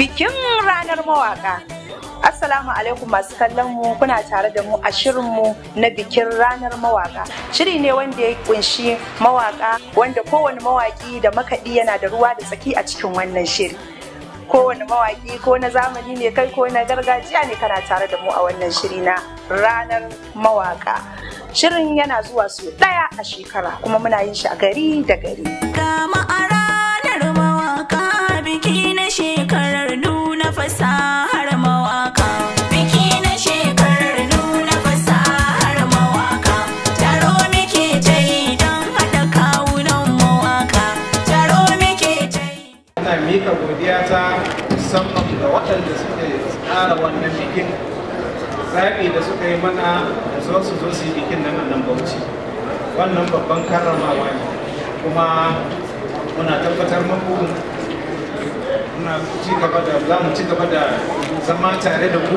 bikin ranar mawaka. Assalamu alaikum masu kallon mu kuna tare da mu a shirin mu na bikin ranar mawaka. Shiri ne wanda ya kunshi mawaka wanda kowane mawaki da makaɗi yana da ruwa da tsaki a cikin wannan shiri. Kowane mawaki ko na zamani ne kai ko na gargajiya ne kana tare da mu a wannan shiri na ranar mawaka. Shirin yana zuwa su ɗaya a shekara kuma muna yin shi a gari da gari. biki na shekarar nuna fasahar mawaka. Biki na shekarar nuna fasahar mawaka. Taro muke ta yi don haɗa kawunan mawaka. Taro muke ta yi. Ina mika godiya ta musamman ga waɗanda suke tsara wannan bikin. Zaɓi da suka yi mana zo su zo su yi bikin nan nan bauchi. Wannan babban karramawa ne. kuma muna tabbatar muku muna ci gaba da za mu ci gaba da zama tare da ku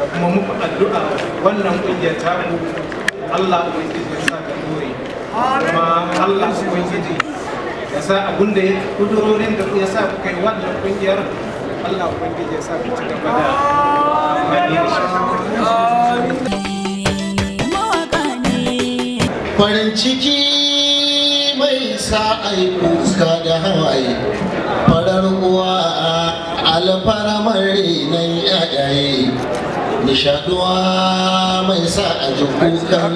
da kuma muku addu'a wannan ƙungiyar ta ku Allah ubangiji ya sa ka dore kuma Allah ubangiji ya sa abun da ya kudurorin da ya sa ku kai wannan ƙungiyar Allah ubangiji ya sa ku ci gaba da amfani da shi. Farin ciki mai sa ai kuka da hawaye farar uwa a alfaramar renon yayaye nishaduwa mai sa a ji kukan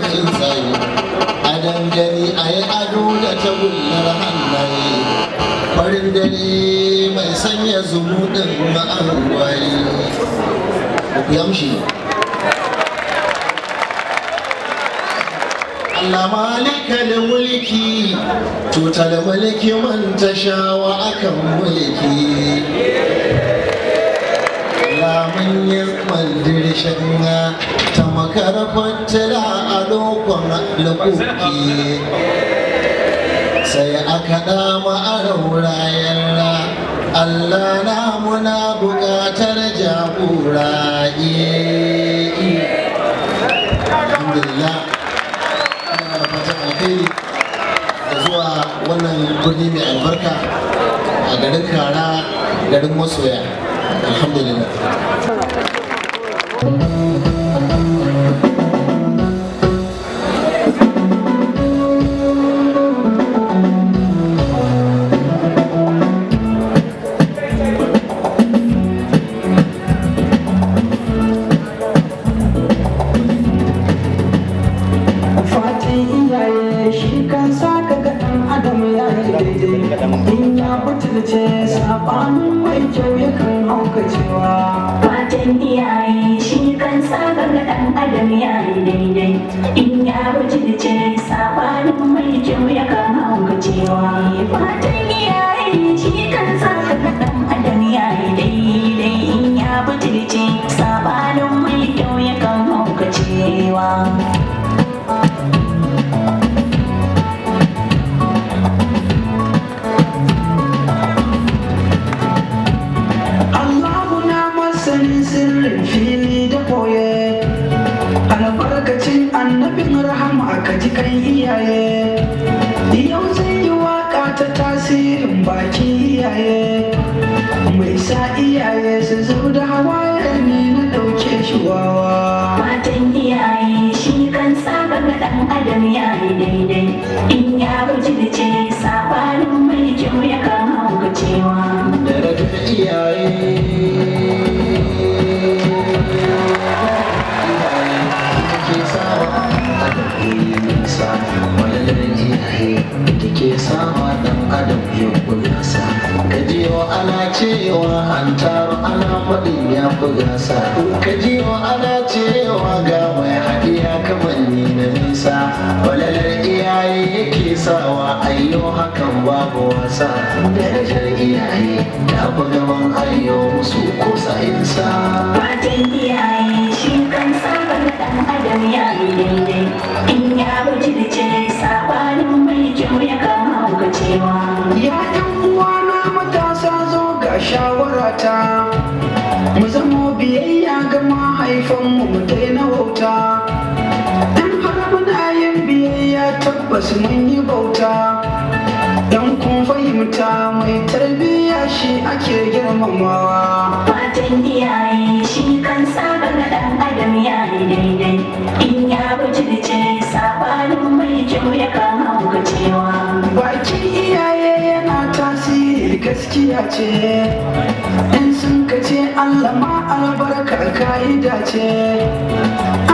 a dangane a yi ado da tagullar hannaye farin dare mai sanya zumuɗin ma'angwaye ku yamshi Allah malika da mulki tuta da mulki man ta shawa akan mulki lamun yi mandir shanga ta makar tila a lokon lokoki sai aka dama a yalla, Allah na muna buƙatar jagora Alhamdulillah kai da zuwa wannan birni mai albarka a garin kara garin masoya alhamdulillah alkhairi ke sama dan adam ya gasa ka jiwa ana cewa an taro ana faɗin ya fi gasa ka ana cewa ga mai haɗiya kamanni na nisa walalar iyaye yake sawa ayyo hakan babu wasa darajar iyaye ta fi gaban ayyo musu ko sa'insa fatan iyaye adam ya yi mulkin ya kama cewa ya uwana matasa zo ga shawarata mu zamo biyayya ga mahaifanmu mu daina wauta in har muna tabbas mun yi bauta dan kun fahimta mai tarbiyya shi ake girmamawa ce in sun ka ce Allah ma albarkar ka'ida ce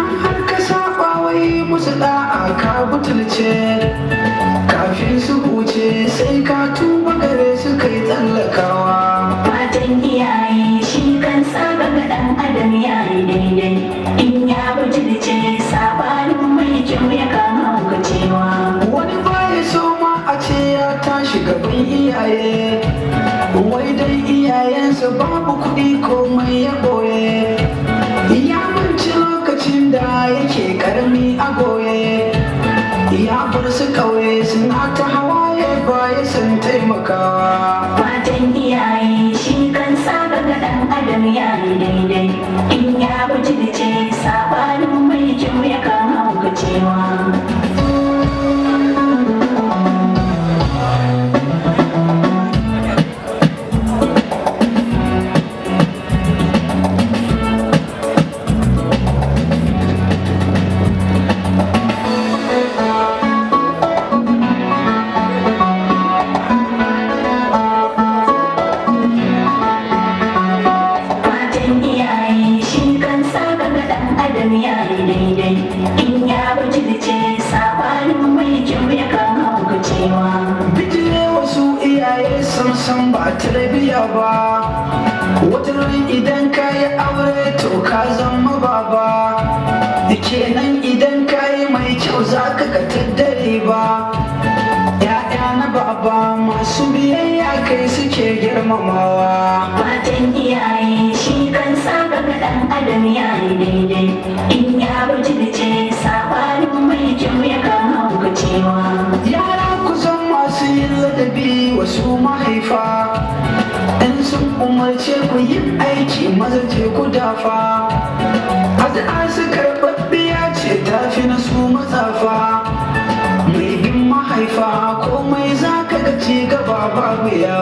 an har ka saba wai musu da'a ka butulce kafin su yeah.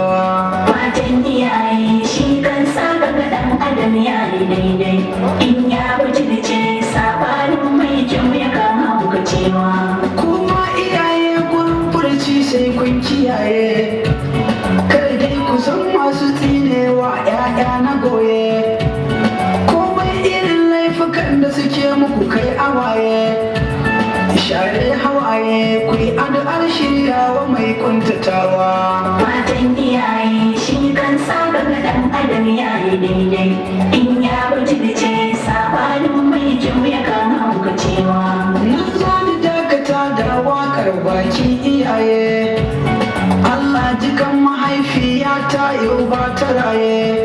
Yeah.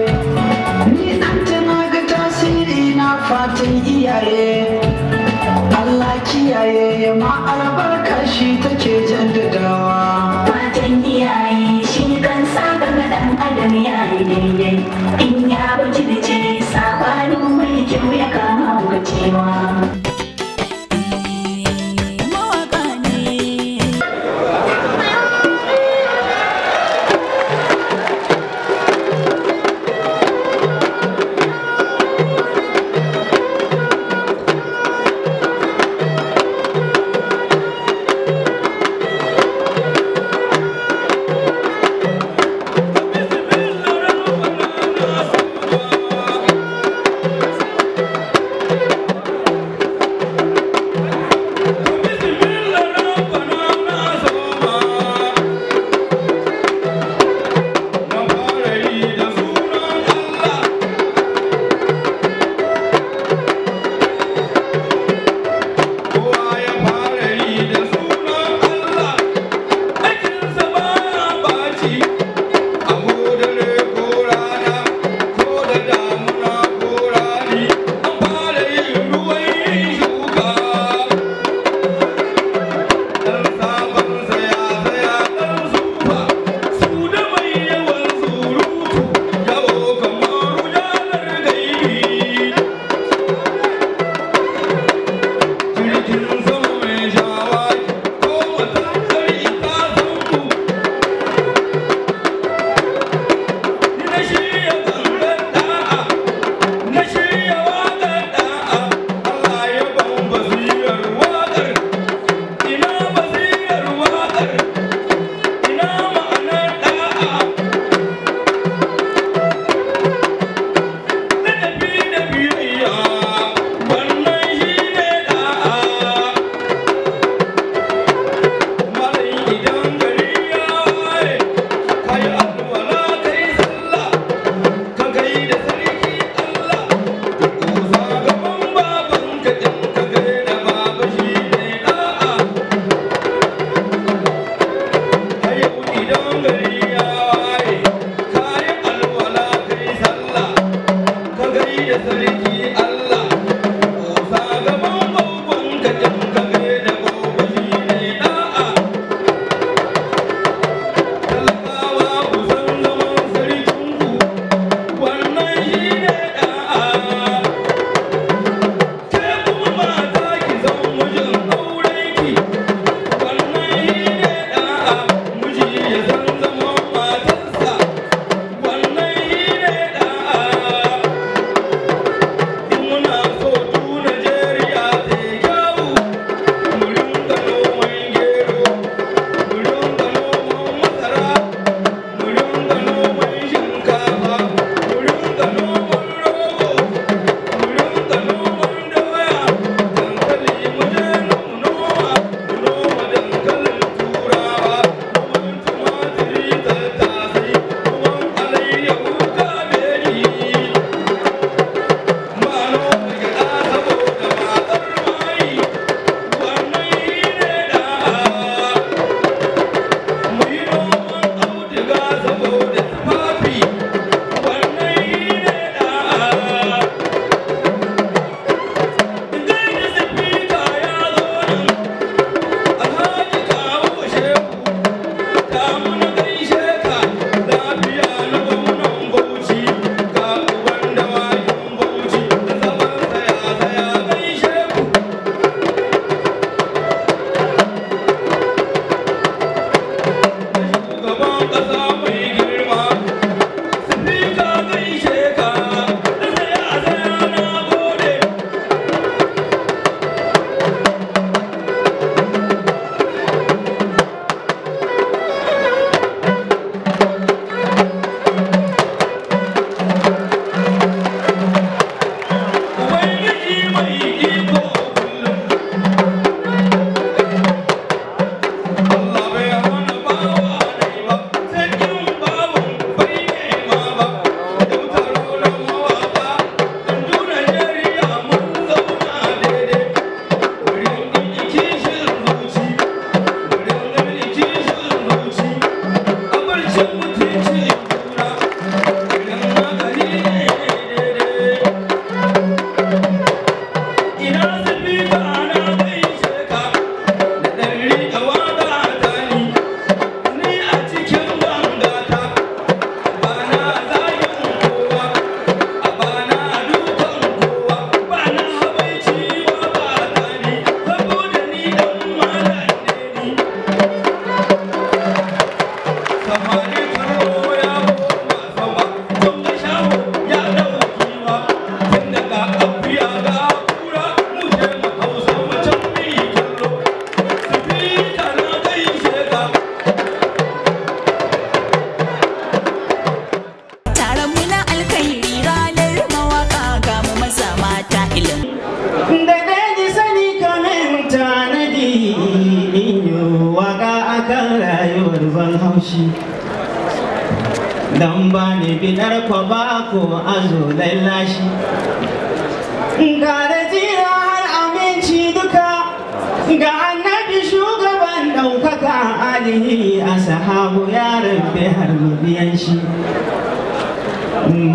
yaron kai har biyan shi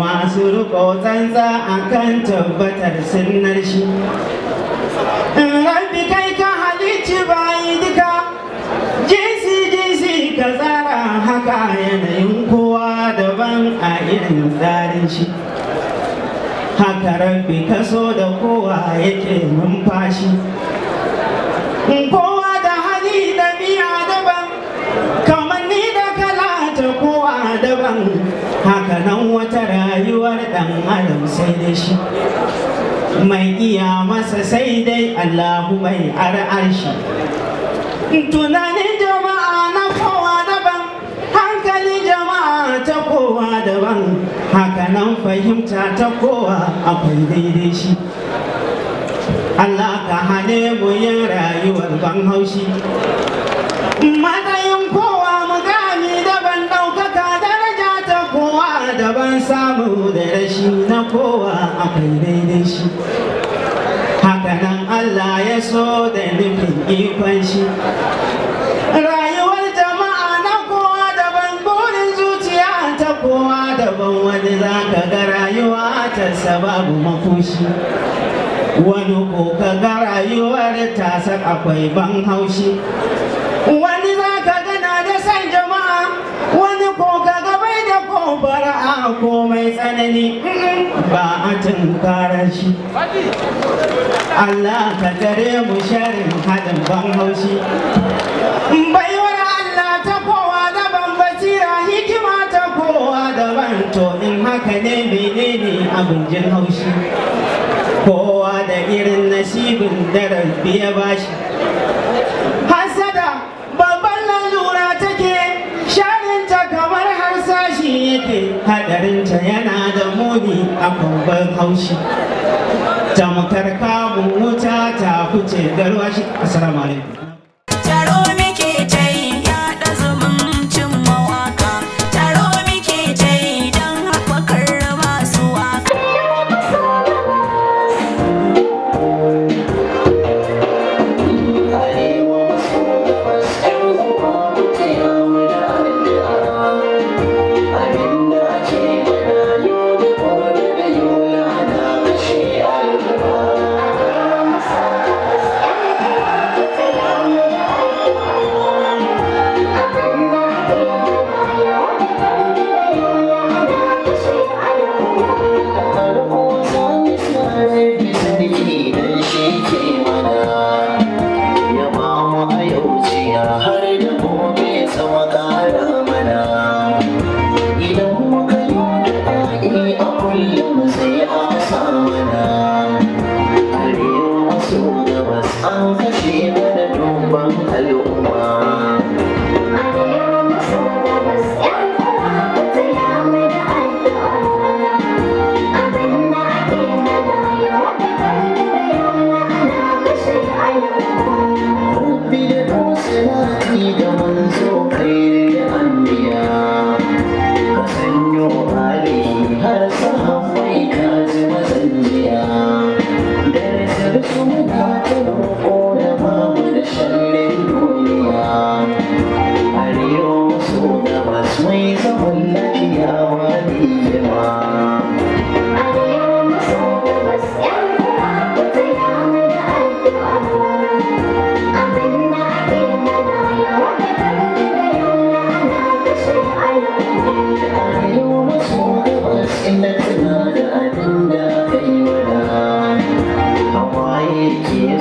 masu riko tsantsa a kan tabbatar sunnar shi in rabbi kai ka halicci bayi duka jinsi jinsi ka tsara haka yanayin kowa daban a irin tsarin shi haka rabbi kaso da kowa yake numfashi mai iya masa sai dai Allahu mai ar'arshi tunanin jama'a na kowa daban hankali jama'a ta kowa daban haka nan fahimta ta kowa akwai daidai shi Allah ka hane mu yin rayuwar ban haushi samu da rashi na kowa a kai daidai shi haka nan Allah ya so da nufin ikon shi rayuwar jama'a na kowa daban burin zuciya ta kowa daban wani za ka ga rayuwa ta sababu mafushi wani ko ka ga rayuwar tasa akwai ban haushi wani za ka gana da san jama'a wani ko ka gobara a komai tsanani ba a tunkara shi Allah ka tare mu sharin hadin ban haushi baiwar Allah ta kowa daban basira hikima ta kowa daban to in haka ne menene abin jin haushi kowa da irin nasibin da rabbi ya bashi Hassan daidai hadarinta yana da muni a babban haushi tamkar kamun wuta ta fice garwashi assalamu alaikum oh, Depp.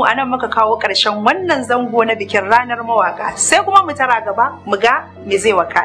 mu anan muka kawo ƙarshen wannan zango na bikin ranar mawaka sai kuma mu tara gaba mu ga me zai waka